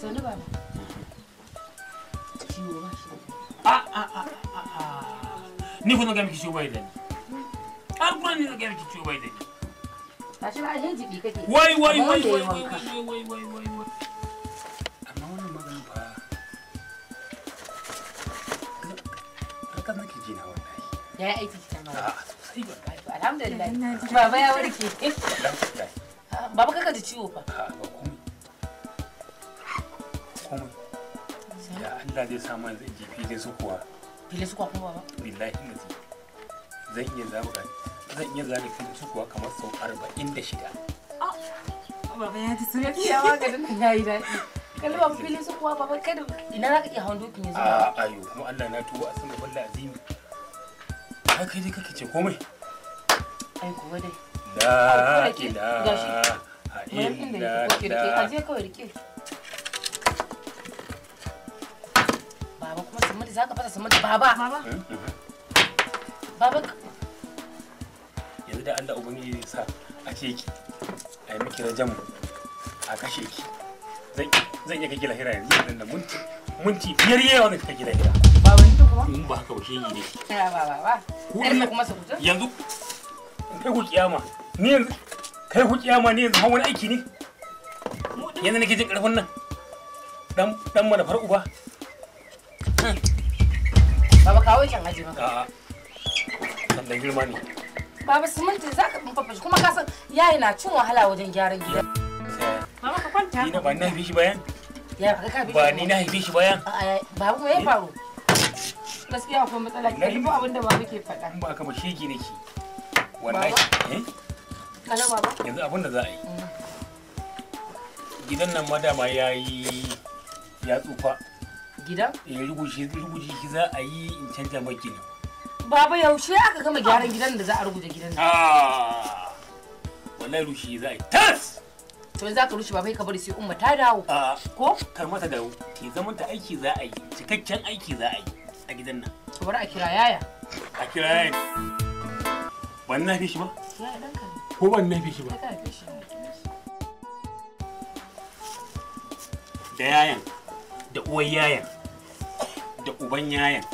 Sani baba. ba shi. Ah Ni ga miki ciwo bai da Har kuma ni ga miki ciwo bai da Tashi ba Ya aiki Baba kaka ji ciwo fa. komai ya Allah zai samu yanzu in je fili su kuwa fili su kuwa kuma ba billahi lazi zan iya zaɓa zan iya zaɓa fili su kuwa kamar sau arba'in da shida ah! baba ya ji sun gaskiya maganin ya yi daɗi kalma filin su kuwa baba kada ina za ka iya hawan dokin yanzu a ah, yau kuma Allah na tuwo a sanin wallahi azimi ka kai dai kake ce komai ai kuwa dai la ila ha illa ta aje kawai rike Baba kuma Samadu za ka fasa Samadu baba. Baba. Eh, eh. Baba. Yanzu da Allah Ubangiji sa a ce ki a yi miki rajamu a kashe ki. Zan iya kake lahira yanzu idan da munti munti biyar yawa ne kake lahira. Baba ni kuma? In ba ka ba ke yi ne. Ya ba ba ba. Ku kuma sa kuta? Yanzu kai ku kiyama ni yanzu kai ku kiyama ni yanzu hawan aiki ne. Yanzu nake jin karfin nan. Dan dan mana far uba. Baba kawo kyan aji ba. A'a. Sannan girma ne. Baba siminti za ka kumfa fashi kuma kasan yayi na cin wahala wajen gyaran gida. Mama ka kwanta. Ni na ba ni na haife shi bayan. Ya ka ka bi. Ba ni na haife shi bayan. Babu kuma ya eh? faru. Gaskiya akwai matsala ki rubu abin da baba ke faɗa. Ba ka ba shege nake. Wallahi. Eh? Kana baba. Yanzu abin da za a yi. Mm. Gidan nan madama dama ya yi ya tsufa. gidan? Ya eh, ruguje shi za a yi in canja maki nan. Baba yaushe aka gama gyaran gidan da za a ruguje gidan nan? Ah! Wannan rushe za a yi tas! To yanzu aka rushe babai ka bari sai umma ta dawo. Ah! Ko? Kar mata dawo. Ke zaman ta aiki za a yi, cikakken aiki za a yi a gidan nan. Ka bari a kira yaya. A kira yaya. Ban na fi shi ba? Ko ban na fi shi ba? Da yayan. da uwar yayan da uban yayan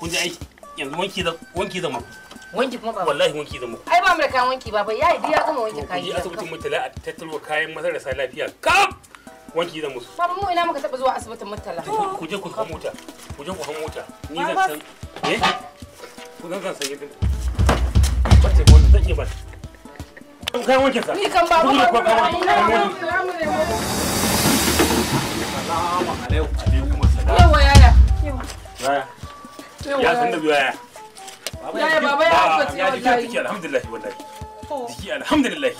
kun ji aiki yanzu wanki da wanki da mako wanki kuma ba wallahi wanki da mako ai ba mu da kayan wanki ba bai yayi dai ya gama wanki kayan ji asibitin mutala a tattalo kayan masarasa lafiya kaf wanki da musu ba mu ina muka taba zuwa asibitin mutala ku je ku mota ku je ku mota ni zan san eh ku zan san yadda ko zan ba sa ni kan ba ba ba ba ba ba ba ba ya baba ya fati wallahi ya jiki alhamdulillah wallahi jiki alhamdulillah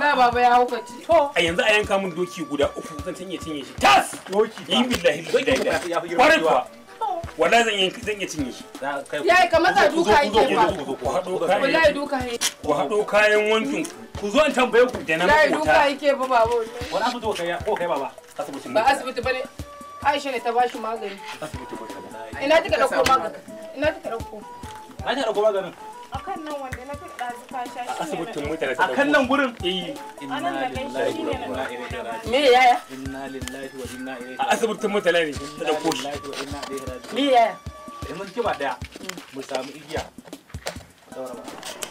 na baba ya hukaci a yanzu a yanka min doki guda uku zan tanye cinye shi tas doki ba kuwa wallahi zan zan iya cinye shi yi ka duka yake ba wallahi duka yake ku haɗo kayan wankin ku zo tambaye ku da duka yake ba wallahi ko kai baba asibiti ba asibiti bane Aisha ne ta ba shi magani. Ina kika dauko magani? Ina kika dauko? Ai ta dauko maganin. Akan nan wanda na kika dazu ka sha shi. Asibitin mutane ta dauko. Akan nan gurin? Eh. Inna lillahi wa inna ilaihi raji'un. Me yaya? Inna lillahi wa inna ilaihi raji'un. Asibitin mutane ne ta dauko shi. Me yaya? Yanzu kima daya. Mu samu igiya. Daura ba.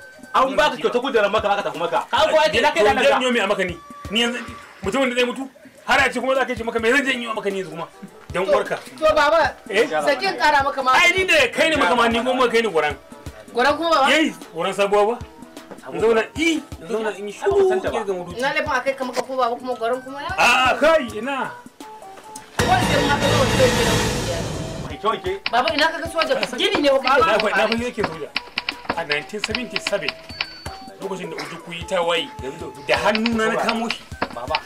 an baka kyauta kujerar maka aka tafi maka k'an ko ake na kai da nan ga me a maka ni ni yanzu mutumin da zai mutu har a ce kuma za ka ce maka me zan janyo maka ni yanzu kuma dan uwarka to baba eh? sakin kara maka ma ai ni ne kai ne maka ma ni kuma kai ne goran goran kuma baba yayi goran sabuwa ba zauna i zauna in shi ko santa ba na laifin akai ka ko baba kuma goran kuma ya a kai ina wannan ma ka zo da ke da Baba ina ka ga soja gini ne wa kake. Baba na fa yake soja. a 1977 lokacin da ujuku yi wai da hannu na kamo shi baba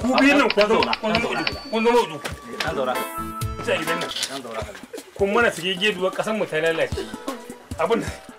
ku biyu nan kun zauna kun zauna zaura ta nan kun mana su gegeduwar kasan mu ta lalace abin